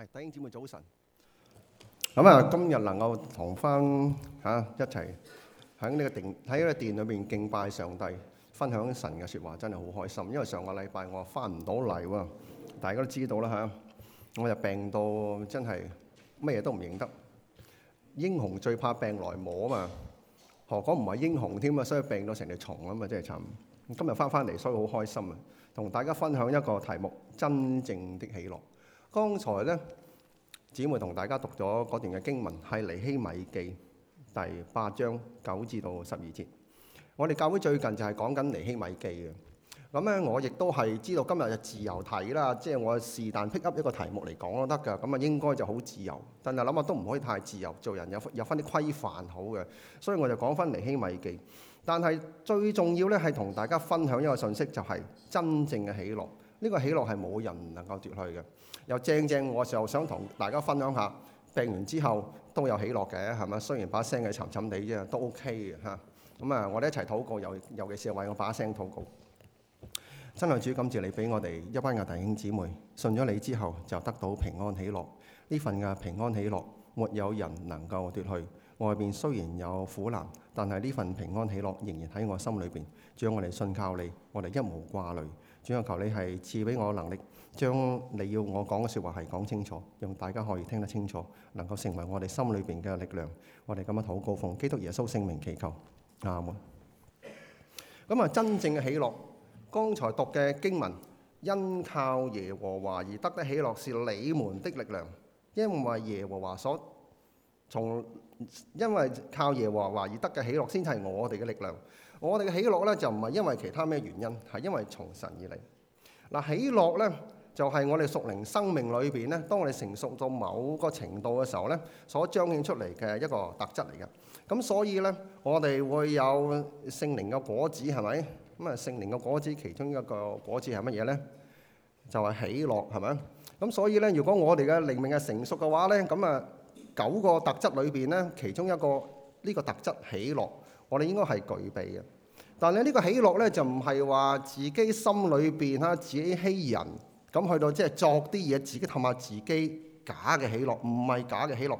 係弟兄姊妹早晨。咁啊，今日能夠同翻嚇一齊喺呢個殿喺呢個殿裏邊敬拜上帝，分享神嘅説話，真係好開心。因為上個禮拜我翻唔到嚟喎，大家都知道啦嚇，啊。我就病到真係乜嘢都唔認得。英雄最怕病來磨啊嘛，何講唔係英雄添啊？所以病到成條蟲啊嘛，真係慘。今日翻翻嚟，所以好開心啊，同大家分享一個題目：真正的喜樂。剛才咧，姊妹同大家讀咗嗰段嘅經文，係尼希米記第八章九至到十二節。我哋教會最近就係講緊尼希米記嘅。咁咧，我亦都係知道今日嘅自由題啦，即係我是但 pick up 一個題目嚟講都得㗎。咁啊，應該就好自由，但係諗下都唔可以太自由，做人有有翻啲規範好嘅。所以我就講翻尼希米記。但係最重要咧，係同大家分享一個信息，就係真正嘅喜樂。呢個喜樂係冇人能夠奪去嘅。又正正，我就想同大家分享下，病完之後都有喜樂嘅，係咪？雖然把聲係沉沉哋啫，都 OK 嘅嚇。咁啊，我哋一齊禱告，尤尤其是為我把聲禱告。親愛主，感謝你俾我哋一班嘅弟兄姊妹信咗你之後，就得到平安喜樂。呢份嘅平安喜樂，沒有人能夠奪去。外面雖然有苦難，但係呢份平安喜樂仍然喺我心裏邊。只要我哋信靠你，我哋一無掛慮。主要求你係賜俾我能力，將你要我講嘅説話係講清楚，讓大家可以聽得清楚，能夠成為我哋心裏邊嘅力量。我哋今日好高峯，基督耶穌聖名祈求，阿門。咁啊，真正嘅喜樂，剛才讀嘅經文，因靠耶和華而得的喜樂是你們的力量，因為耶和華所從，因為靠耶和華而得嘅喜樂先係我哋嘅力量。我哋嘅喜樂咧就唔係因為其他咩原因，係因為從神而嚟。嗱，喜樂咧就係我哋屬靈生命裏邊咧，當我哋成熟到某個程度嘅時候咧，所彰顯出嚟嘅一個特質嚟嘅。咁所以咧，我哋會有聖靈嘅果子，係咪？咁啊，聖靈嘅果子其中一個果子係乜嘢咧？就係喜樂，係咪？咁所以咧，如果我哋嘅靈命係成熟嘅話咧，咁啊九個特質裏邊咧，其中一個呢個特質喜樂。我哋應該係具備嘅，但係呢個喜樂咧就唔係話自己心裏邊啦，自己欺人咁去到即係作啲嘢，自己氹下自己假嘅喜樂，唔係假嘅喜樂，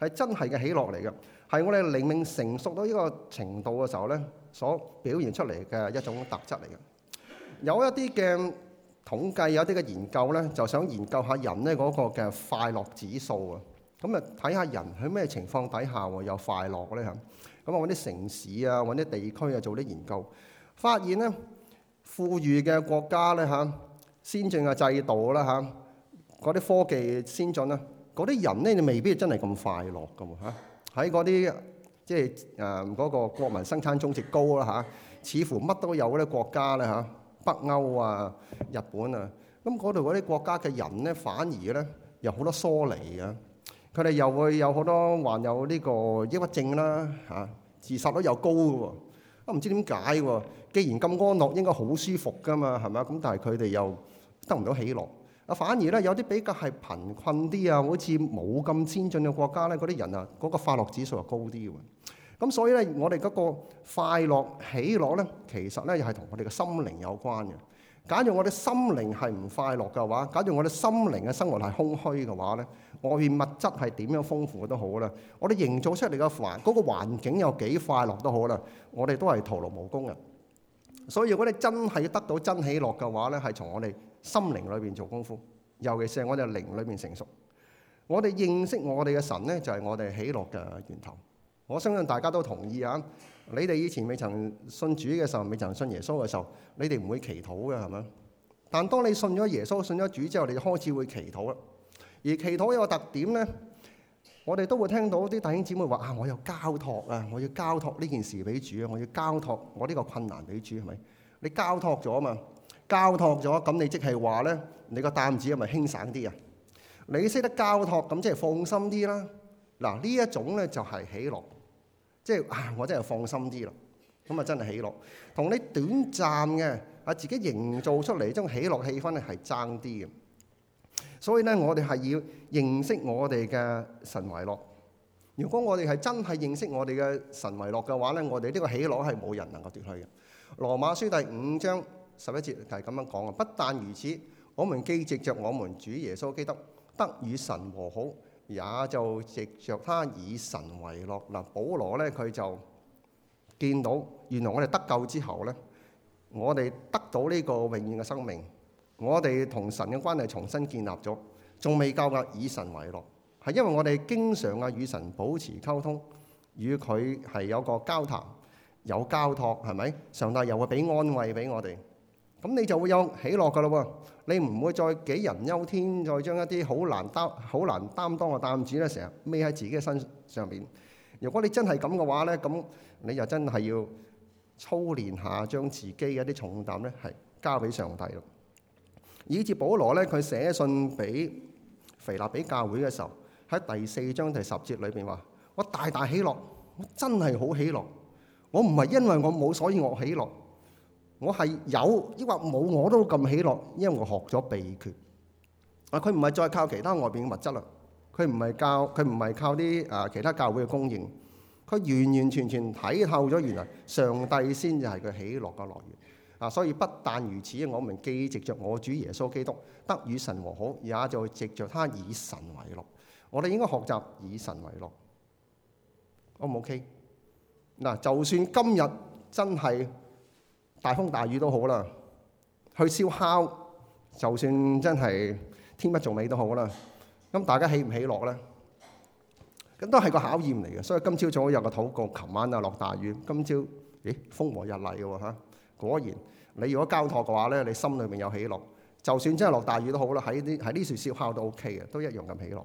係真係嘅喜樂嚟嘅，係我哋靈命成熟到呢個程度嘅時候咧，所表現出嚟嘅一種特質嚟嘅。有一啲嘅統計，有一啲嘅研究咧，就想研究下人咧嗰個嘅快樂指數啊，咁啊睇下人喺咩情況底下喎有快樂咧嚇。咁我揾啲城市啊，揾啲地區啊，做啲研究，發現咧富裕嘅國家咧嚇，先進嘅制度啦嚇，嗰、啊、啲科技先進啦，嗰啲人咧你未必真係咁快樂噶喎嚇。喺嗰啲即係誒嗰個國民生產總值高啦嚇、啊，似乎乜都有咧國家咧嚇、啊，北歐啊、日本啊，咁嗰度嗰啲國家嘅人咧反而咧有好多疏離嘅、啊。佢哋又會有好多患有呢個抑鬱症啦，嚇、啊、自殺率又高嘅喎，啊，唔知點解喎？既然咁安樂，應該好舒服噶嘛，係咪？咁但係佢哋又得唔到喜樂，啊，反而咧有啲比較係貧困啲啊，好似冇咁先進嘅國家咧，嗰啲人啊嗰個快樂指數又高啲喎。咁、啊、所以咧，我哋嗰個快樂喜樂咧，其實咧又係同我哋嘅心靈有關嘅。假如我哋心靈係唔快樂嘅話，假如我哋心靈嘅生活係空虛嘅話咧，外面物質係點樣豐富都好啦，我哋營造出嚟嘅環嗰個環境有幾快樂都好啦，我哋都係徒勞無功嘅。所以如果你真係要得到真喜樂嘅話咧，係從我哋心靈裏邊做功夫，尤其是係我哋靈裏面成熟。我哋認識我哋嘅神咧，就係我哋喜樂嘅源頭。我相信大家都同意啊。你哋以前未曾信主嘅時候，未曾信耶穌嘅時候，你哋唔會祈禱嘅係咪？但當你信咗耶穌、信咗主之後，你就開始會祈禱啦。而祈禱有個特點咧，我哋都會聽到啲弟兄姊妹話：啊，我有交託啊，我要交託呢件事俾主啊，我要交託我呢個困難俾主，係咪？你交託咗啊嘛，交託咗咁你即係話咧，你個擔子係咪輕省啲啊？你識得交託，咁即係放心啲啦。嗱，呢一種咧就係喜樂。即係啊！我真係放心啲咯，咁啊真係喜樂。同你短暫嘅啊自己營造出嚟嗰種喜樂氣氛咧係爭啲嘅。所以咧，我哋係要認識我哋嘅神為樂。如果我哋係真係認識我哋嘅神為樂嘅話咧，我哋呢個喜樂係冇人能夠奪去嘅。羅馬書第五章十一節係咁樣講嘅。不但如此，我們既藉着我們主耶穌基督，得與神和好。也就藉着他以神為樂。嗱，保羅咧佢就見到原來我哋得救之後咧，我哋得到呢個永遠嘅生命，我哋同神嘅關係重新建立咗，仲未夠格以神為樂，係因為我哋經常啊與神保持溝通，與佢係有個交談，有交託，係咪？上帝又會俾安慰俾我哋。咁你就會有喜樂噶啦喎，你唔會再杞人憂天，再將一啲好難擔好難擔當嘅擔子咧，成日孭喺自己嘅身上面。如果你真係咁嘅話咧，咁你就真係要操練下，將自己嘅一啲重擔咧，係交俾上帝咯。以至保羅咧，佢寫信俾腓立比教會嘅時候，喺第四章第十節裏邊話：我大大喜樂，我真係好喜樂，我唔係因為我冇，所以我喜樂。我係有，抑或冇我都咁喜樂，因為我學咗秘訣。啊，佢唔係再靠其他外邊嘅物質啦，佢唔係教，佢唔係靠啲啊其他教會嘅供應，佢完完全全睇透咗原來上帝先至係佢喜樂嘅來源。啊，所以不但如此，我們既藉着我主耶穌基督得與神和好，也就藉著他以神為樂。我哋應該學習以神為樂。O 唔 OK？嗱，就算今日真係。大風大雨都好啦，去燒烤就算真係天不作美都好啦。咁大家喜唔喜樂咧？咁都係個考驗嚟嘅。所以今朝早有個禱告，琴晚啊落大雨，今朝咦風和日麗嘅嚇。果然，你如果交託嘅話咧，你心裏面有喜樂。就算真係落大雨都好啦，喺啲喺呢處燒烤都 O K 嘅，都一樣咁喜樂。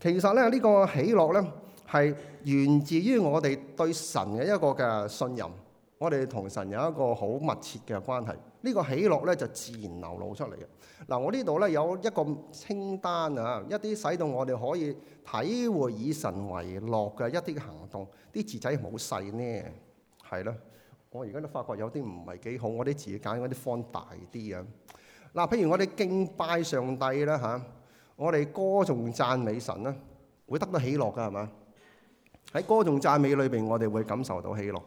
其實咧，這個、呢個喜樂咧係源自於我哋對神嘅一個嘅信任。我哋同神有一個好密切嘅關係，呢個喜樂咧就自然流露出嚟嘅。嗱，我呢度咧有一個清單啊，一啲使到我哋可以體會以神為樂嘅一啲行動。啲字仔好細呢？係咯。我而家都發覺有啲唔係幾好，我啲字揀嗰啲放大啲啊。嗱，譬如我哋敬拜上帝啦吓、啊，我哋歌頌讚美神啦，會得到喜樂㗎係嘛？喺歌頌讚美裏邊，我哋會感受到喜樂。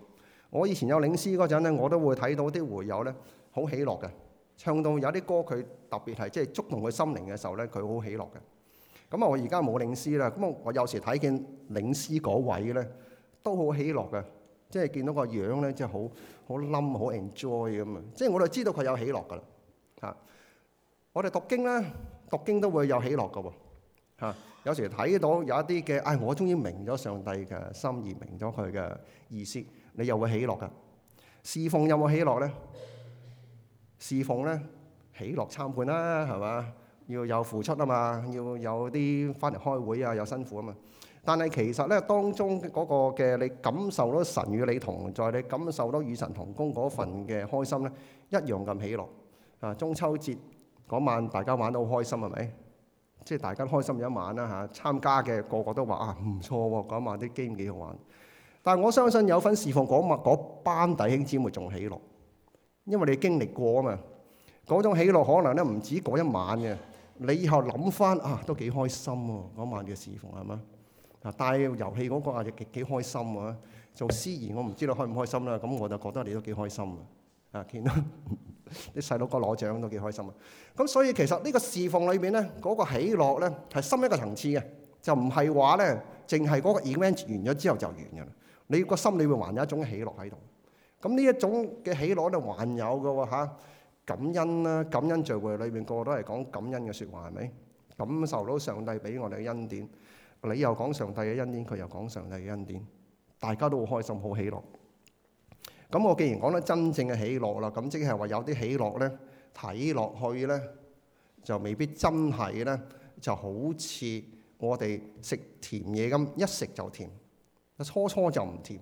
我以前有領詩嗰陣咧，我都會睇到啲會友咧好喜樂嘅。唱到有啲歌，佢特別係即係觸動佢心靈嘅時候咧，佢好喜樂嘅。咁啊，我而家冇領詩啦，咁我有時睇見領詩嗰位咧都好喜樂嘅，即係見到個樣咧，即係好好冧好 enjoy 咁啊。即係我哋知道佢有喜樂噶啦嚇。我哋讀經咧，讀經都會有喜樂噶喎嚇。有時睇到有一啲嘅，唉、哎，我終於明咗上帝嘅心意，明咗佢嘅意思。你又會喜樂噶？侍奉有冇喜樂咧？侍奉咧，喜樂參半啦，係嘛？要有付出啊嘛，要有啲翻嚟開會啊，有辛苦啊嘛。但係其實咧，當中嗰個嘅你感受到神與你同在，你感受到與神同工嗰份嘅開心咧，一樣咁喜樂。啊，中秋節嗰晚大家玩得好開心係咪？即係、就是、大家開心一晚啦嚇、啊，參加嘅個個都話啊唔錯喎、啊，嗰晚啲 game 幾好玩。但係我相信有份侍奉嗰晚嗰班弟兄姊妹仲喜樂，因為你經歷過啊嘛，嗰種喜樂可能咧唔止嗰一晚嘅。你以後諗翻啊，都幾開心喎，嗰晚嘅侍奉係嘛？啊，帶遊戲嗰個啊，亦幾開心啊！做司儀我唔知道你開唔開心啦，咁我就覺得你都幾開心啊！見到，啲細佬哥攞獎都幾開心啊！咁所以其實呢個侍奉裏面咧，嗰個喜樂咧係深一個層次嘅，就唔係話咧淨係嗰個 event 完咗之後就完嘅。你個心裏面還有一種喜樂喺度，咁呢一種嘅喜樂咧，還有嘅喎嚇，感恩啦，感恩聚會裏面個個都係講感恩嘅説話，係咪？感受到上帝俾我哋嘅恩典，你又講上帝嘅恩典，佢又講上帝嘅恩典，大家都好開心，好喜樂。咁我既然講得真正嘅喜樂啦，咁即係話有啲喜樂咧，睇落去咧就未必真係咧，就好似我哋食甜嘢咁，一食就甜。初初就唔甜，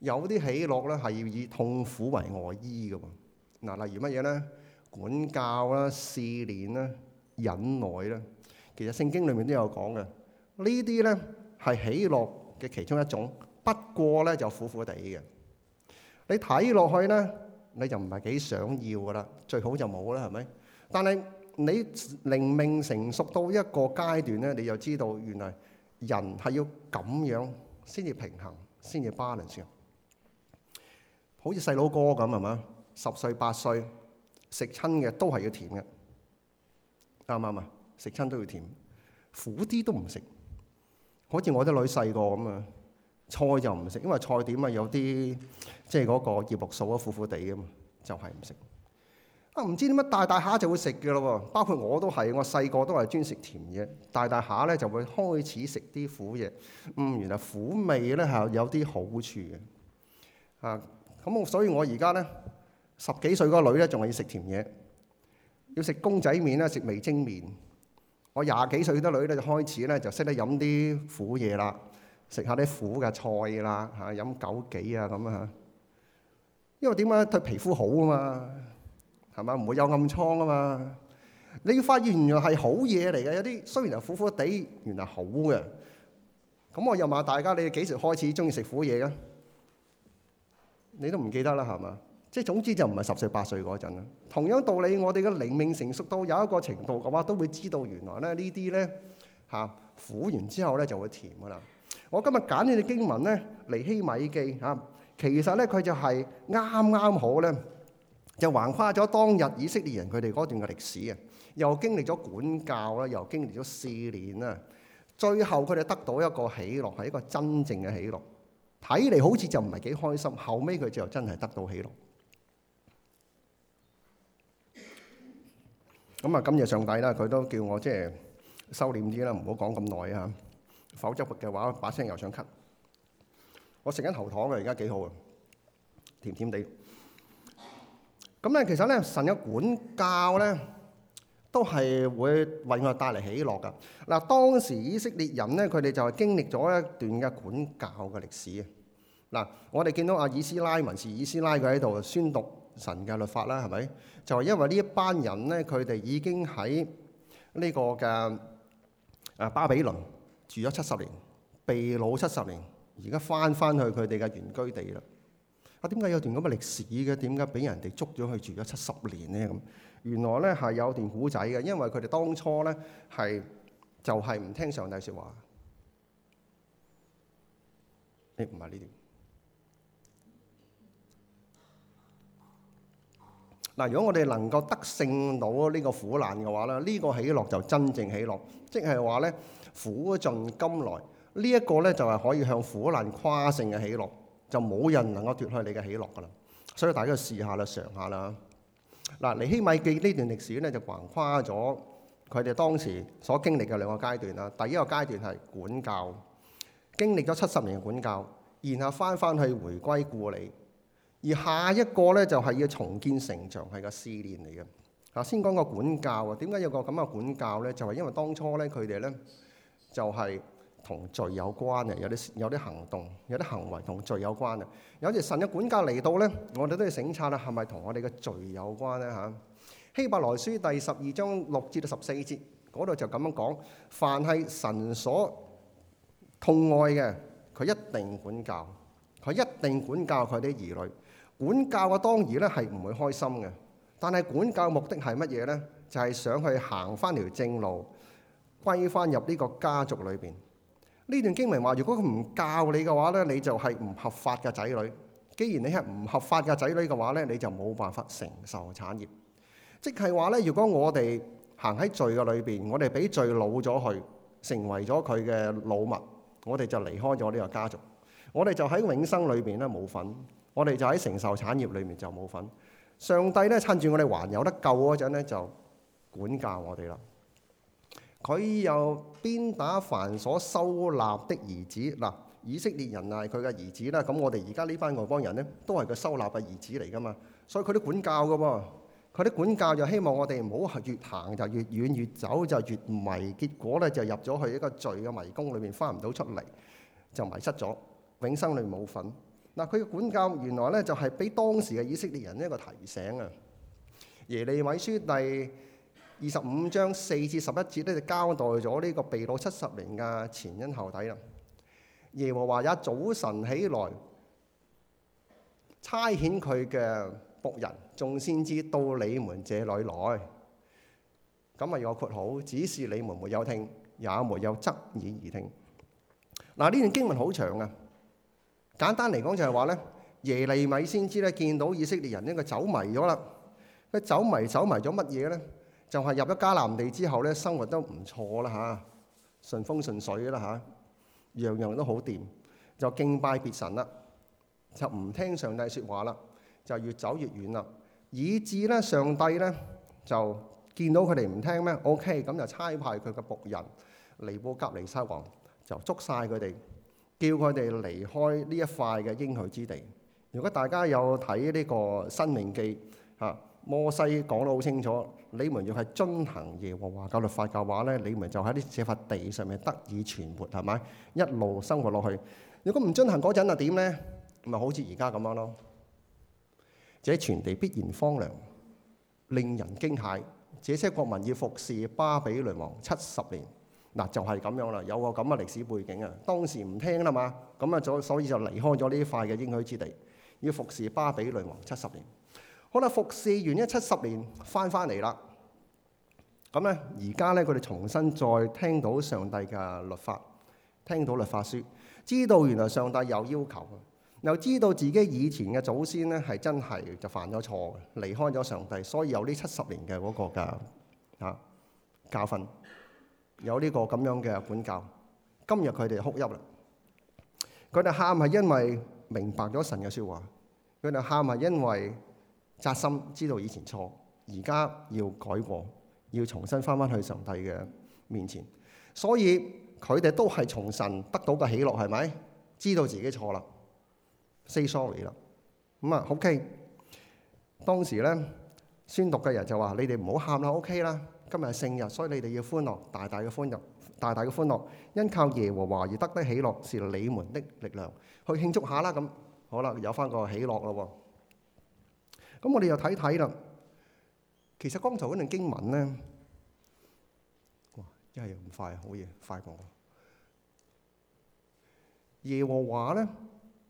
有啲喜樂咧係要以痛苦為外衣噶。嗱，例如乜嘢咧？管教啦、試煉啦、忍耐啦，其實聖經裏面都有講嘅。呢啲咧係喜樂嘅其中一種，不過咧就苦苦地嘅。你睇落去咧，你就唔係幾想要噶啦，最好就冇啦，係咪？但係你靈命成熟到一個階段咧，你就知道，原來人係要咁樣。先至平衡，先至 balance 先。好似細佬哥咁係嘛？十歲八歲食親嘅都係要甜嘅，啱唔啱啊？食親都要甜，苦啲都唔食。好似我啲女細個咁啊，菜就唔食，因為菜點啊有啲即係嗰個葉綠素啊，苦苦地噶嘛，就係唔食。啊唔知點解大大下就會食嘅咯喎，包括我都係，我細個都係專食甜嘢，大大下咧就會開始食啲苦嘢。嗯，原來苦味咧係有啲好處嘅。啊，咁我所以我而家咧十幾歲個女咧仲係要食甜嘢，要食公仔麵咧食味精麵。我廿幾歲啲女咧就開始咧就識得飲啲苦嘢啦，食下啲苦嘅菜啦，嚇飲枸杞啊咁啊，啊。因為點解對皮膚好啊嘛。係嘛？唔會有暗瘡啊嘛！你要發現原來係好嘢嚟嘅，有啲雖然係苦苦地，原來好嘅。咁我又問大家：你哋幾時開始中意食苦嘢嘅？你都唔記得啦，係嘛？即係總之就唔係十歲八歲嗰陣啦。同樣道理，我哋嘅靈命成熟到有一個程度嘅話，都會知道原來咧呢啲咧嚇苦完之後咧就會甜嘅啦。我今日揀呢啲經文咧嚟希米記嚇，其實咧佢就係啱啱好咧。又橫跨咗當日以色列人佢哋嗰段嘅歷史啊，又經歷咗管教啦，又經歷咗四年啦，最後佢哋得到一個喜樂，係一個真正嘅喜樂。睇嚟好似就唔係幾開心，後尾佢就真係得到喜樂。咁啊，今日上帝啦，佢都叫我即係收斂啲啦，唔好講咁耐啊，否則嘅話把聲又想咳。我食緊喉糖啊，而家幾好啊，甜甜地。咁咧，其實咧，神嘅管教咧，都係會為我帶嚟喜樂嘅。嗱，當時以色列人咧，佢哋就係經歷咗一段嘅管教嘅歷史嘅。嗱，我哋見到阿、啊、以斯拉文士以斯拉佢喺度宣讀神嘅律法啦，係咪？就係因為呢一班人咧，佢哋已經喺呢個嘅啊巴比倫住咗七十年，被擄七十年，而家翻翻去佢哋嘅原居地啦。啊，點解有段咁嘅歷史嘅？點解俾人哋捉咗去住咗七十年咧？咁原來咧係有段古仔嘅，因為佢哋當初咧係就係唔聽上帝説話。誒唔係呢點？嗱，如果我哋能夠得勝到呢個苦難嘅話咧，呢個喜樂就真正喜樂，即係話咧苦盡甘來。呢一個咧就係可以向苦難誇勝嘅喜樂。就冇人能夠奪去你嘅喜樂㗎啦，所以大家試下啦，嘗下啦。嗱，尼希米記呢段歷史咧就橫跨咗佢哋當時所經歷嘅兩個階段啦。第一個階段係管教，經歷咗七十年嘅管教，然後翻翻去回歸故里。而下一個咧就係要重建城牆，係個試煉嚟嘅。嚇，先講個管教啊，點解有個咁嘅管教咧？就係、是、因為當初咧佢哋咧就係、是。同罪有關嘅，有啲有啲行動，有啲行為同罪有關嘅。有時神嘅管教嚟到呢，我哋都要審察啦，係咪同我哋嘅罪有關呢？嚇，希伯來書第十二章六至到十四節嗰度就咁樣講，凡係神所痛愛嘅，佢一定管教，佢一定管教佢啲兒女。管教嘅當然咧係唔會開心嘅，但係管教的目的係乜嘢呢？就係、是、想去行翻條正路，歸翻入呢個家族裏邊。呢段經文話：如果佢唔教你嘅話咧，你就係唔合法嘅仔女。既然你係唔合法嘅仔女嘅話咧，你就冇辦法承受產業。即係話咧，如果我哋行喺罪嘅裏邊，我哋俾罪老咗去，成為咗佢嘅老物，我哋就離開咗呢個家族。我哋就喺永生裏邊咧冇份，我哋就喺承受產業裏面就冇份。上帝咧，趁住我哋還有得救嗰陣咧，就管教我哋啦。佢又鞭打凡所收納的兒子，嗱，以色列人係佢嘅兒子啦。咁我哋而家呢班外邦人咧，都係佢收納嘅兒子嚟㗎嘛。所以佢啲管教㗎喎，佢啲管教就希望我哋唔好越行就越遠，越走就越迷，結果咧就入咗去一個罪嘅迷宮裏面，返唔到出嚟，就迷失咗，永生裏冇份。嗱，佢嘅管教原來咧就係俾當時嘅以色列人一個提醒啊。耶利米書第二十五章四至十一節咧就交代咗呢個被擄七十年嘅前因後底啦。耶和華一早晨起來，差遣佢嘅僕人，眾先知到你們這裏來。咁啊有括號，只是你們沒有聽，也沒有側耳而聽。嗱，呢段經文好長啊。簡單嚟講就係話咧，耶利米先知咧見到以色列人呢個走迷咗啦。佢走迷，走迷咗乜嘢咧？就係入咗迦南地之後咧，生活都唔錯啦嚇，順風順水啦嚇，樣樣都好掂。就敬拜別神啦，就唔聽上帝説話啦，就越走越遠啦，以致咧上帝咧就見到佢哋唔聽咩 OK 咁，就差派佢嘅僕人尼布甲尼撒王就捉曬佢哋，叫佢哋離開呢一塊嘅應許之地。如果大家有睇呢個《申命記》啊，摩西講得好清楚。你們要係遵行耶和華教律法嘅話咧，你們就喺呢這塊地上面得以存活，係咪？一路生活落去。如果唔遵行嗰陣就點咧？咪好似而家咁樣咯。這全地必然荒涼，令人驚駭。這些國民要服侍巴比倫王七十年。嗱，就係咁樣啦。有個咁嘅歷史背景啊。當時唔聽啦嘛，咁啊，所所以就離開咗呢塊嘅應許之地，要服侍巴比倫王七十年。好啦，服侍完咗七十年返返嚟啦，咁咧，而家咧，佢哋重新再聽到上帝嘅律法，聽到律法書，知道原來上帝有要求，又知道自己以前嘅祖先咧係真係就犯咗錯，離開咗上帝，所以有呢七十年嘅嗰個嘅啊教訓，有呢個咁樣嘅管教。今日佢哋哭泣啦，佢哋喊係因為明白咗神嘅説話，佢哋喊係因為。扎心，知道以前錯，而家要改過，要重新翻返去上帝嘅面前。所以佢哋都係從神得到嘅喜樂，係咪？知道自己錯啦，say sorry 啦。咁、嗯、啊，OK。當時咧宣讀嘅人就話：你哋唔好喊啦，OK 啦。今日係聖日，所以你哋要歡樂，大大嘅歡樂，大大嘅歡樂。因靠耶和華而得的喜樂，是你們的力量，去慶祝下啦。咁、嗯、好啦，有翻個喜樂咯喎。咁我哋又睇睇啦，其實剛才嗰段經文咧，哇，真係咁快，好嘢，快過我。耶和華咧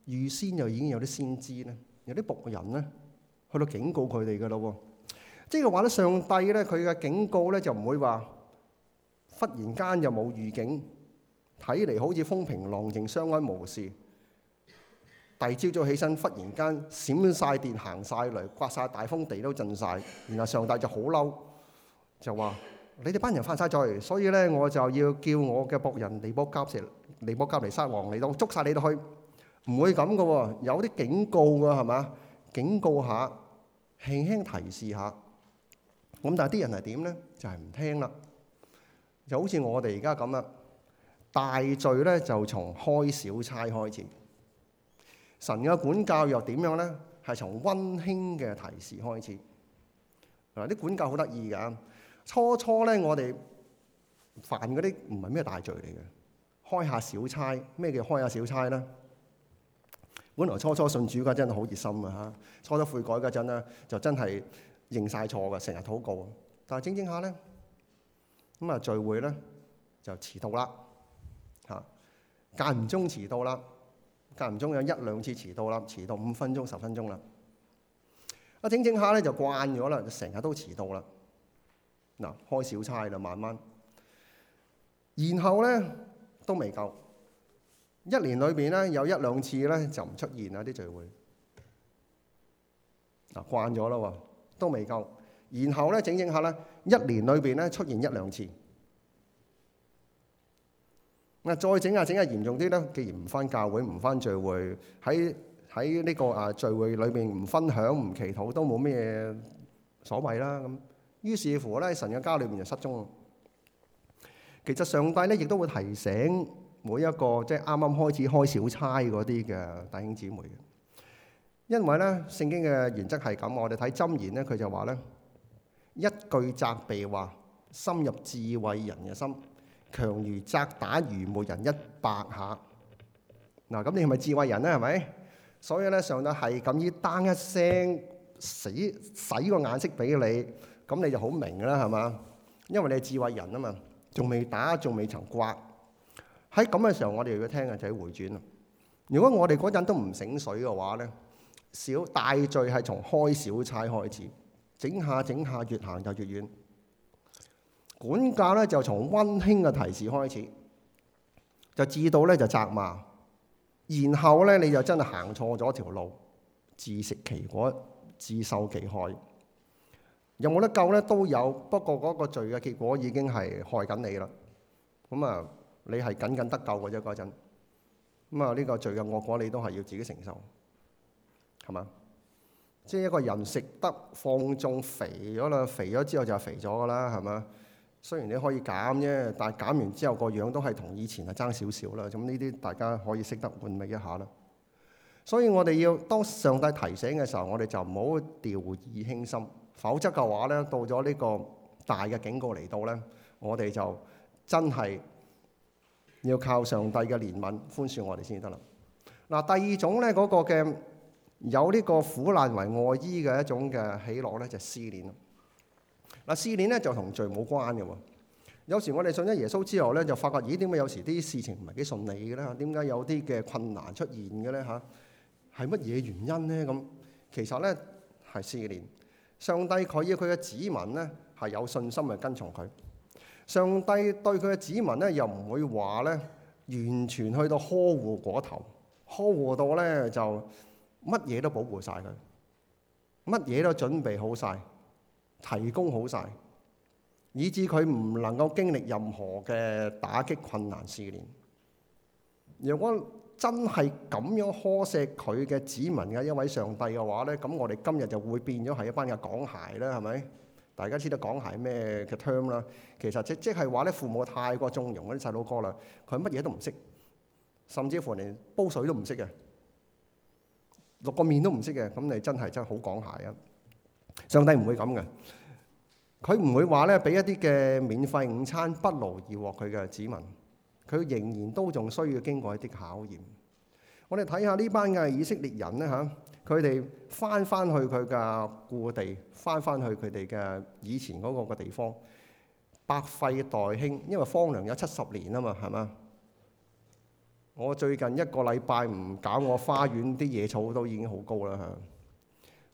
預先就已經有啲先知咧，有啲僕人咧，去到警告佢哋噶咯。即係話咧，上帝咧佢嘅警告咧就唔會話忽然間又冇預警，睇嚟好似風平浪靜，相安無事。第朝早起身，忽然間閃曬電，行曬雷，刮曬大風，地都震曬。然後上帝就好嬲，就話：你哋班人犯曬罪，所以咧我就要叫我嘅僕人尼布甲尼撒、尼布甲尼撒王嚟到捉曬你哋去。唔會咁㗎喎，有啲警告㗎係嘛？警告下，輕輕提示下。咁但係啲人係點咧？就係唔聽啦。就好似我哋而家咁啦，大罪咧就從開小差開始。神嘅管教又點樣咧？係從溫馨嘅提示開始。嗱，啲管教好得意㗎。初初咧，我哋犯嗰啲唔係咩大罪嚟嘅，開下小差。咩叫開下小差咧？本來初初信主嘅真係好熱心啊！嚇，初初悔改嗰陣咧，就真係認晒錯嘅，成日禱告。但係整整下咧，咁啊，聚會咧就遲到啦，嚇，間唔中遲到啦。間唔中有一兩次遲到啦，遲到五分鐘、十分鐘啦。啊，整整下咧就慣咗啦，就成日都遲到啦。嗱，開小差啦，慢慢。然後咧都未夠，一年裏邊咧有一兩次咧就唔出現啦啲聚會。嗱，慣咗啦喎，都未夠。然後咧整整下咧，一年裏邊咧出現一兩次。嗱，再整下整下嚴重啲咧，既然唔返教會唔返聚會，喺喺呢個啊聚會裏面唔分享唔祈禱都冇咩嘢所謂啦咁。於是乎咧，神嘅家裏面就失蹤。其實上帝咧亦都會提醒每一個即係啱啱開始開小差嗰啲嘅弟兄姊妹嘅，因為咧聖經嘅原則係咁，我哋睇箴言咧，佢就話咧，一句責備話深入智慧人嘅心，強如責打愚昧人一百下，嗱咁你係咪智慧人咧？係咪？所以咧上帝係咁依單一聲，使使個眼色俾你，咁你就好明㗎啦，係嘛？因為你係智慧人啊嘛，仲未打，仲未曾刮。喺咁嘅時候，我哋要聽嘅就係回轉啦。如果我哋嗰陣都唔醒水嘅話咧，小大罪係從開小差開始，整下整下越行就越遠。管教咧就從溫馨嘅提示開始，就至到咧就責罵，然後咧你就真係行錯咗條路，自食其果，自受其害。有冇得救咧？都有，不過嗰個罪嘅結果已經係害緊你啦。咁啊，你係僅僅得救嘅啫嗰陣。咁啊，呢個罪嘅惡果你都係要自己承受，係嘛？即係一個人食得放縱肥咗啦，肥咗之後就係肥咗噶啦，係咪？雖然你可以減啫，但係減完之後個樣都係同以前係爭少少啦。咁呢啲大家可以識得回味一下啦。所以我哋要當上帝提醒嘅時候，我哋就唔好掉以輕心，否則嘅話咧，到咗呢個大嘅警告嚟到咧，我哋就真係要靠上帝嘅憐憫寬恕我哋先得啦。嗱，第二種咧嗰、那個嘅有呢個苦難為外衣嘅一種嘅喜樂咧，就係、思念。嗱，試練咧就同罪冇關嘅喎。有時我哋信咗耶穌之後咧，就發覺咦，點解有時啲事情唔係幾順利嘅咧？點解有啲嘅困難出現嘅咧？嚇，啊，係乜嘢原因咧？咁其實咧係試練。上帝佢以佢嘅子民咧係有信心去跟從佢。上帝對佢嘅子民咧又唔會話咧完全去到呵護嗰頭，呵護到咧就乜嘢都保護晒佢，乜嘢都準備好晒。提供好晒，以致佢唔能夠經歷任何嘅打擊、困難試煉。如果真係咁樣呵錫佢嘅子民嘅一位上帝嘅話咧，咁我哋今日就會變咗係一班嘅港孩啦，係咪？大家知道港孩咩嘅 term 啦？其實即即係話咧，父母太過縱容嗰啲細佬哥啦，佢乜嘢都唔識，甚至乎連煲水都唔識嘅，淥個面都唔識嘅，咁你真係真係好港孩啊！上帝唔會咁嘅，佢唔會話咧俾一啲嘅免費午餐不勞而獲佢嘅子民，佢仍然都仲需要經過一啲考驗。我哋睇下呢班嘅以色列人咧嚇，佢哋翻翻去佢嘅故地，翻翻去佢哋嘅以前嗰個嘅地方，百廢待興，因為荒涼有七十年啊嘛，係嘛？我最近一個禮拜唔搞我花園，啲野草都已經好高啦嚇。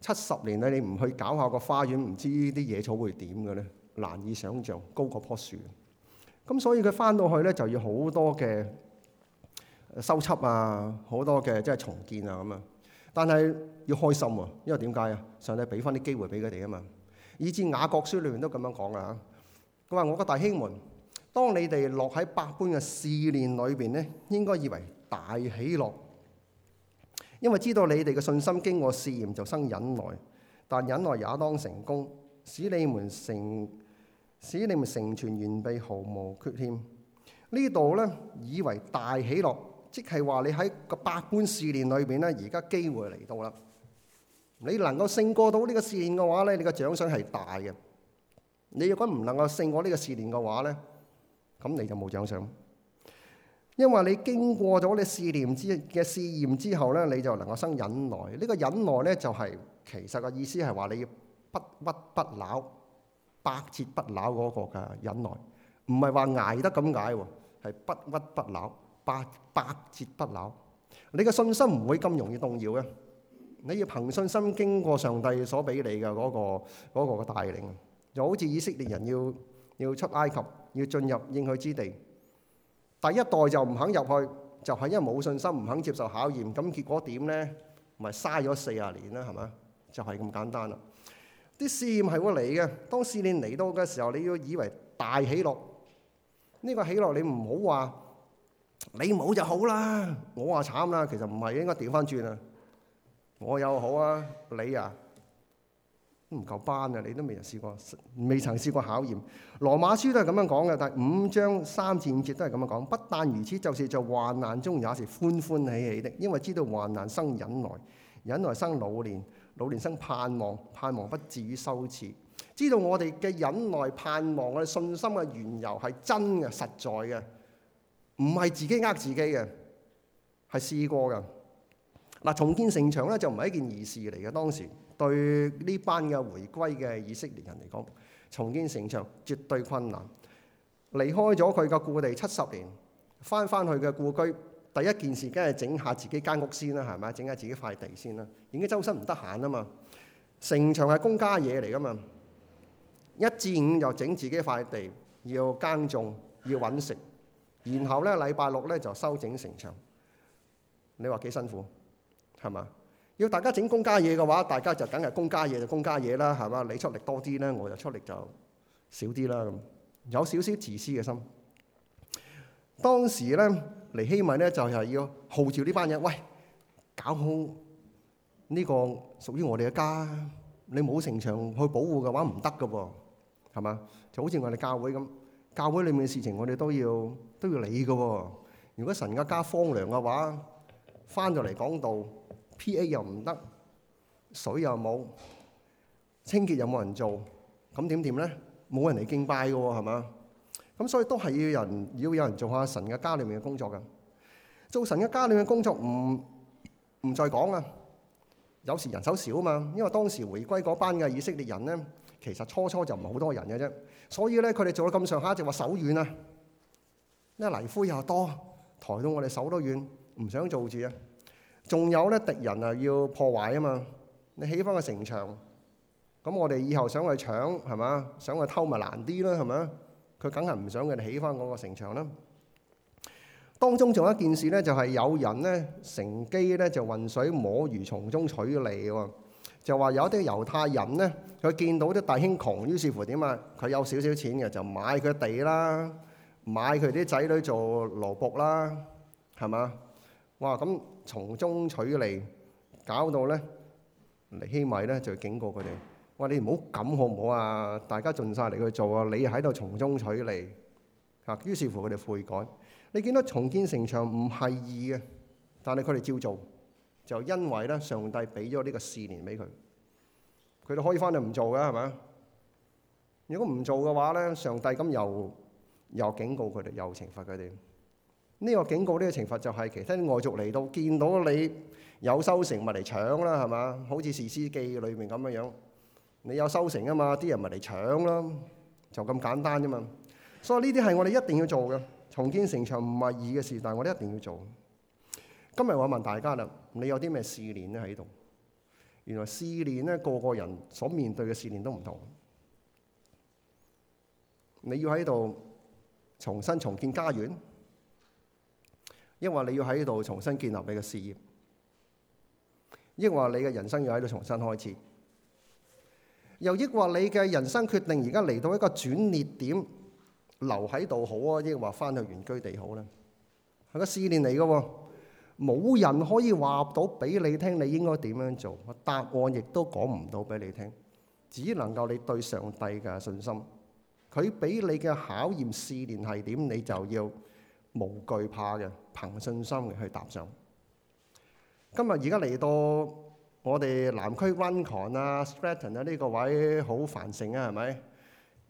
七十年咧，你唔去搞下個花園，唔知啲野草會點嘅咧，難以想像高過棵樹。咁所以佢翻到去咧，就要好多嘅修葺啊，好多嘅即係重建啊咁啊。但係要開心啊，因為點解啊？上帝俾翻啲機會俾佢哋啊嘛。以至雅各書裏面都咁樣講啊。佢話：我嘅弟兄們，當你哋落喺百般嘅試練裏邊咧，應該以為大喜樂。」因為知道你哋嘅信心經過試驗就生忍耐，但忍耐也當成功，使你們成使你們成全完備，毫無缺欠。呢度咧，以為大喜樂，即係話你喺個百般試煉裏邊咧，而家機會嚟到啦。你能夠勝過到呢個試驗嘅話咧，你嘅獎賞係大嘅。你如果唔能夠勝過呢個試驗嘅話咧，咁你就冇獎賞。因為你經過咗你試驗之嘅試驗之後咧，你就能夠生忍耐。呢、這個忍耐咧就係、是、其實個意思係話你要不屈不撓百折不撓，嗰個嘅忍耐，唔係話捱得咁解喎，係不屈不撓百百折不撓。你嘅信心唔會咁容易動搖啊。你要憑信心經過上帝所俾你嘅嗰、那個嘅帶、那個、領，就好似以色列人要要出埃及，要進入應許之地。第一代就唔肯入去，就係、是、因為冇信心，唔肯接受考驗。咁結果點咧？咪嘥咗四十年啦，係咪？就係、是、咁簡單啦。啲試驗係會嚟嘅，當試驗嚟到嘅時候，你要以為大喜樂。呢、這個喜樂你唔好話你冇就好啦，我話慘啦。其實唔係應該掉返轉啊，我又好啊，你啊。唔夠班啊！你都未曾試過，未曾試過考驗。羅馬書都係咁樣講嘅，但係五章三至五節都係咁樣講。 不但如此，就是在患難中也是歡歡喜喜的，因為知道患難生忍耐，忍耐生老年，老年生盼望，盼望不至於羞恥。知道我哋嘅忍耐盼望嘅信心嘅緣由係真嘅、實在嘅，唔係自己呃自己嘅，係試過嘅。嗱，重建城牆咧就唔係一件易事嚟嘅當時。對呢班嘅回歸嘅以色列人嚟講，重建城牆絕對困難。離開咗佢嘅故地七十年，翻翻去嘅故居，第一件事梗係整下自己間屋先啦，係咪？整下自己塊地先啦。已經周身唔得閒啊嘛，城牆係公家嘢嚟噶嘛。一至五又整自己塊地，要耕種，要揾食，然後咧禮拜六咧就修整城牆。你話幾辛苦，係嘛？要大家整公家嘢嘅話，大家就梗係公家嘢就公家嘢啦，係嘛？你出力多啲咧，我就出力就少啲啦。咁有少少自私嘅心。當時咧，尼希米咧就係要號召呢班人，喂，搞好呢個屬於我哋嘅家。你冇城牆去保護嘅話，唔得噶喎，係嘛？就好似我哋教會咁，教會裡面嘅事情，我哋都要都要理噶喎。如果神嘅家荒涼嘅話，翻就嚟講道。P.A. 又唔得，水又冇，清潔又冇人做，咁點點咧？冇人嚟敬拜嘅喎。係嘛？咁所以都係要人，要有人做下神嘅家裏面嘅工作嘅。做神嘅家裏面嘅工作唔唔再講啊。有時人手少啊嘛，因為當時回歸嗰班嘅以色列人咧，其實初初就唔係好多人嘅啫。所以咧，佢哋做咗咁上下就話手軟啊。呢泥灰又多，抬到我哋手都軟，唔想做住啊。仲有咧，敵人啊要破壞啊嘛！你起翻個城牆，咁我哋以後想去搶係嘛？想去偷咪難啲啦，係咪？佢梗係唔想佢哋起翻嗰個城牆啦。當中仲有一件事咧，就係有人咧乘機咧就混水摸魚，從中取利喎。就話有啲猶太人咧，佢見到啲弟兄窮，於是乎點啊？佢有少少錢嘅，就買佢地啦，買佢啲仔女做奴僕啦，係嘛？哇咁～從中取利，搞到咧尼希米咧就要警告佢哋：，我話你唔好咁好唔好啊！大家盡晒力去做啊！你喺度從中取利嚇、啊，於是乎佢哋悔改。你見到重建城牆唔係易嘅，但係佢哋照做，就因為咧上帝俾咗呢個試年俾佢，佢哋可以翻去唔做㗎係咪？如果唔做嘅話咧，上帝咁又又警告佢哋，又懲罰佢哋。呢個警告，呢、這個懲罰就係，其他啲外族嚟到見到你有收成，咪嚟搶啦，係嘛？好似《士師記》裏面咁嘅樣，你有收成啊嘛，啲人咪嚟搶咯，就咁簡單啫嘛。所以呢啲係我哋一定要做嘅，重建城牆唔係易嘅事，但係我哋一定要做。今日我問大家啦，你有啲咩試練咧喺度？原來試練咧，個個人所面對嘅試練都唔同。你要喺度重新重建家園。抑或你要喺呢度重新建立你嘅事業；抑或你嘅人生要喺度重新開始；又抑或你嘅人生決定而家嚟到一個轉捩點，留喺度好啊，抑或翻去原居地好咧？係個試煉嚟㗎，冇人可以話到俾你聽，你應該點樣做？答案亦都講唔到俾你聽，只能夠你對上帝嘅信心，佢俾你嘅考驗試煉係點，你就要。冇懼怕嘅，憑信心去踏上。今日而家嚟到我哋南區溫狂啊、Stretton 啊呢個位好繁盛啊，係咪？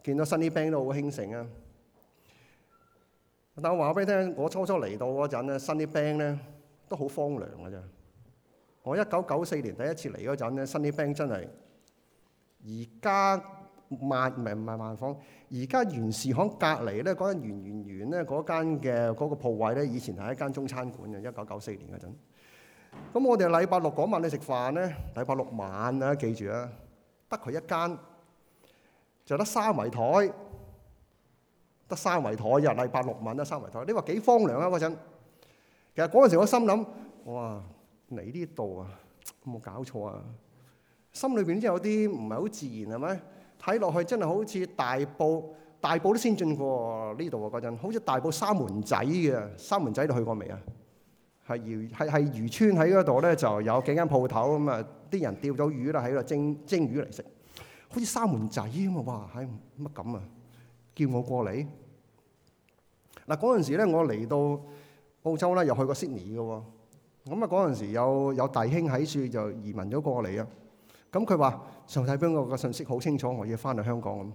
見到 Sunnybank 都好興盛啊。但我話俾你聽，我初初嚟到嗰陣咧，Sunnybank 咧都好荒涼㗎啫。我一九九四年第一次嚟嗰陣咧，Sunnybank 真係而家。萬唔係唔係萬方，而家元氏巷隔離咧嗰間圓圓園咧嗰間嘅嗰個鋪位咧，以前係一間中餐館嘅，一九九四年嗰陣。咁我哋禮拜六嗰晚去食飯咧，禮拜六晚啊，記住啊，得佢一間，就得三圍台，得三圍台。又係禮拜六晚啊，三圍台，你話幾荒涼啊嗰陣？其實嗰陣時我心諗，哇，你呢度啊，有冇搞錯啊？心裏邊即係有啲唔係好自然，係咪？睇落去真係好似大埔，大埔都先進過呢度啊！嗰陣好似大埔三門仔嘅，三門仔你去過未啊？係漁係係漁村喺嗰度咧，就有幾間鋪頭咁啊，啲人釣咗魚啦，喺度蒸蒸魚嚟食，好似三門仔咁啊！哇，係乜咁啊？叫我過嚟嗱，嗰陣時咧，我嚟到澳洲啦，又去過 Sydney 嘅喎，咁啊嗰陣時有有弟兄喺處就移民咗過嚟啊。咁佢話上帝俾我個信息好清楚，我要翻嚟香港咁。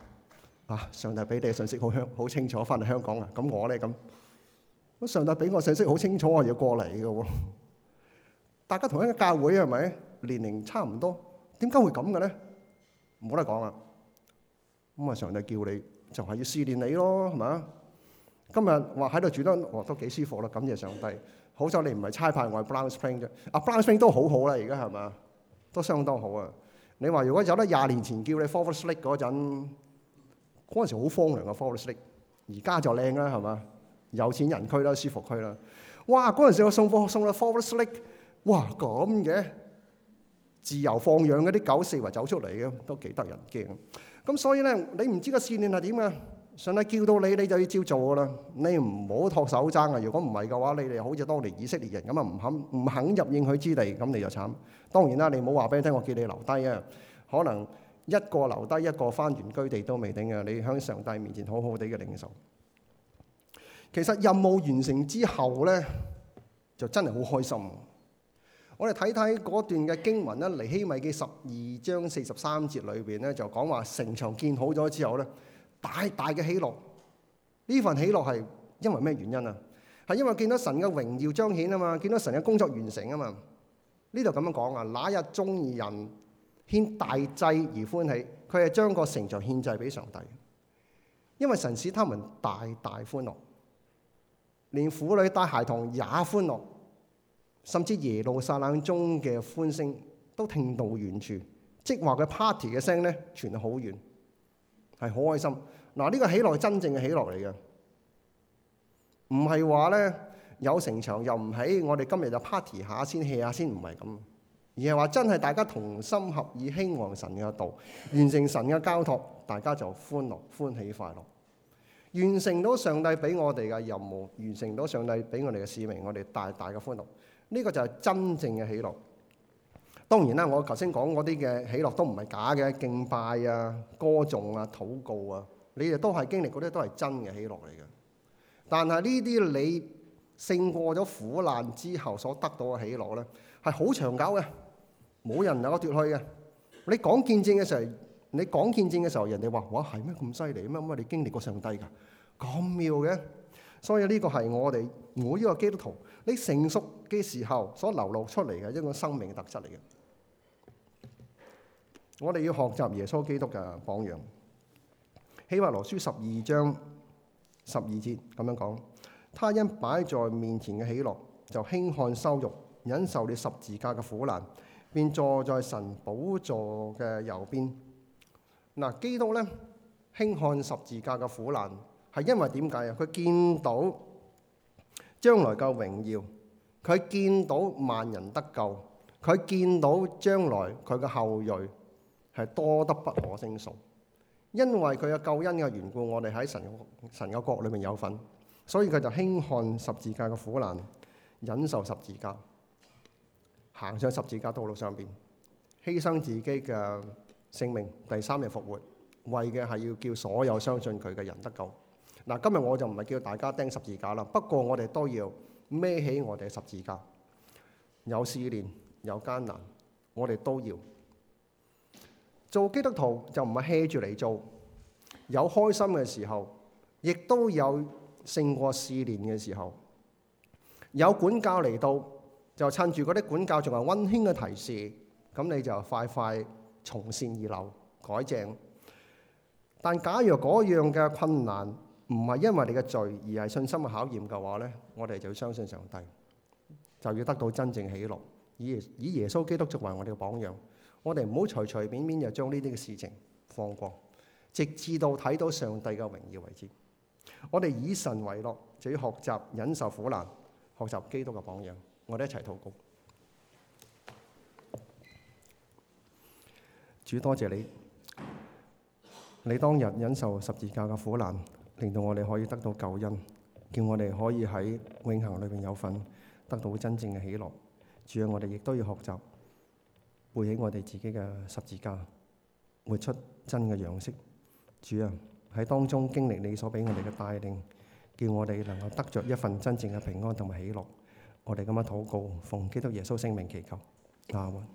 啊，上帝俾你嘅信息好香好清楚，翻嚟香港啊。咁我咧咁，咁上帝俾我信息好清楚，我要過嚟嘅、哦、 大家同一個教會係咪？年齡差唔多，點解會咁嘅咧？唔好得講啦。咁啊，上帝叫你就係、是、要試煉你咯，係咪啊？今日話喺度住得，我、哦、都幾舒服啦。感謝上帝，好彩你唔係差派我 Brown Spring 啫、啊、Brown Spring 都好好、啊、啦，而家係咪啊？都相當好啊。你話如果有得廿年前叫你 Forest Lake 嗰陣，嗰陣時好荒涼嘅、啊、Forest Lake，而家就靚啦係嘛？有錢人區啦，舒服區啦。哇！嗰陣時我送貨送到 Forest Lake，哇，咁嘅自由放養嗰啲狗四圍走出嚟嘅，都幾得人驚。咁所以咧，你唔知個線亂係點㗎？上帝叫到你，你就要照做噶啦。你唔好托手踭啊！如果唔係嘅話，你哋好似當年以色列人咁啊，唔肯唔肯入應許之地，咁你就慘。當然啦，你唔好話俾你聽，我叫你留低啊。可能一個留低，一個翻原居地都未定啊。你喺上帝面前好好地嘅領受。其實任務完成之後咧，就真係好開心。我哋睇睇嗰段嘅經文咧，《尼希米記》十二章四十三節裏邊咧，就講話城牆建好咗之後咧。大大嘅喜樂，呢份喜樂係因為咩原因啊？係因為見到神嘅榮耀彰顯啊嘛，見到神嘅工作完成啊嘛。呢度咁樣講啊，那日眾人獻大祭而歡喜，佢係將個成就獻祭俾上帝，因為神使他們大大歡樂，連婦女帶孩童也歡樂，甚至耶路撒冷中嘅歡聲都聽到遠處，即話佢 party 嘅聲咧傳好遠。係好開心嗱，呢、這個喜樂，真正嘅喜樂嚟嘅，唔係話咧有城牆又唔起，我哋今日就 party 下先，hea 下先，唔係咁，而係話真係大家同心合意興旺神嘅道，完成神嘅交託，大家就歡樂歡喜快樂，完成到上帝俾我哋嘅任務，完成到上帝俾我哋嘅使命，我哋大大嘅歡樂，呢、這個就係真正嘅喜樂。當然啦，我頭先講嗰啲嘅喜樂都唔係假嘅，敬拜啊、歌頌啊、禱告啊，你哋都係經歷嗰啲都係真嘅喜樂嚟嘅。但係呢啲你勝過咗苦難之後所得到嘅喜樂咧，係好長久嘅，冇人能夠奪去嘅。你講見證嘅時候，你講見證嘅時候，人哋話：哇，係咩咁犀利？乜乜乜你經歷過上帝㗎？咁妙嘅！所以呢個係我哋我呢個基督徒，你成熟嘅時候所流露出嚟嘅一個生命嘅特質嚟嘅。我哋要學習耶穌基督嘅榜樣，《希伯來書》十二章十二節咁樣講：他因擺在面前嘅喜樂，就輕看羞辱，忍受了十字架嘅苦難，便坐在神寶座嘅右邊。嗱，基督咧輕看十字架嘅苦難，係因為點解啊？佢見到將來嘅榮耀，佢見到萬人得救，佢見到將來佢嘅後裔。係多得不可勝數，因為佢嘅救恩嘅緣故，我哋喺神嘅神嘅國裏邊有份，所以佢就輕看十字架嘅苦難，忍受十字架，行上十字架道路上邊，犧牲自己嘅性命，第三日復活，為嘅係要叫所有相信佢嘅人得救。嗱，今日我就唔係叫大家釘十字架啦，不過我哋都要孭起我哋十字架，有試煉，有艱難，我哋都要。做基督徒就唔係 hea 住嚟做，有開心嘅時候，亦都有勝過試煉嘅時候。有管教嚟到，就趁住嗰啲管教仲係溫馨嘅提示，咁你就快快從善而流，改正。但假如嗰樣嘅困難唔係因為你嘅罪，而係信心嘅考驗嘅話咧，我哋就要相信上帝，就要得到真正喜樂，以耶以耶穌基督作為我哋嘅榜樣。我哋唔好隨隨便便就將呢啲嘅事情放過，直至到睇到上帝嘅榮耀為止。我哋以神為樂，就要學習忍受苦難，學習基督嘅榜樣。我哋一齊禱告。主多謝你，你當日忍受十字架嘅苦難，令到我哋可以得到救恩，叫我哋可以喺永恆裏面有份，得到真正嘅喜樂。主啊，我哋亦都要學習。背起我哋自己嘅十字架，活出真嘅樣式。主啊，喺當中經歷你所俾我哋嘅帶領，叫我哋能夠得着一份真正嘅平安同埋喜樂。我哋咁樣禱告，奉基督耶穌聖名祈求，阿門。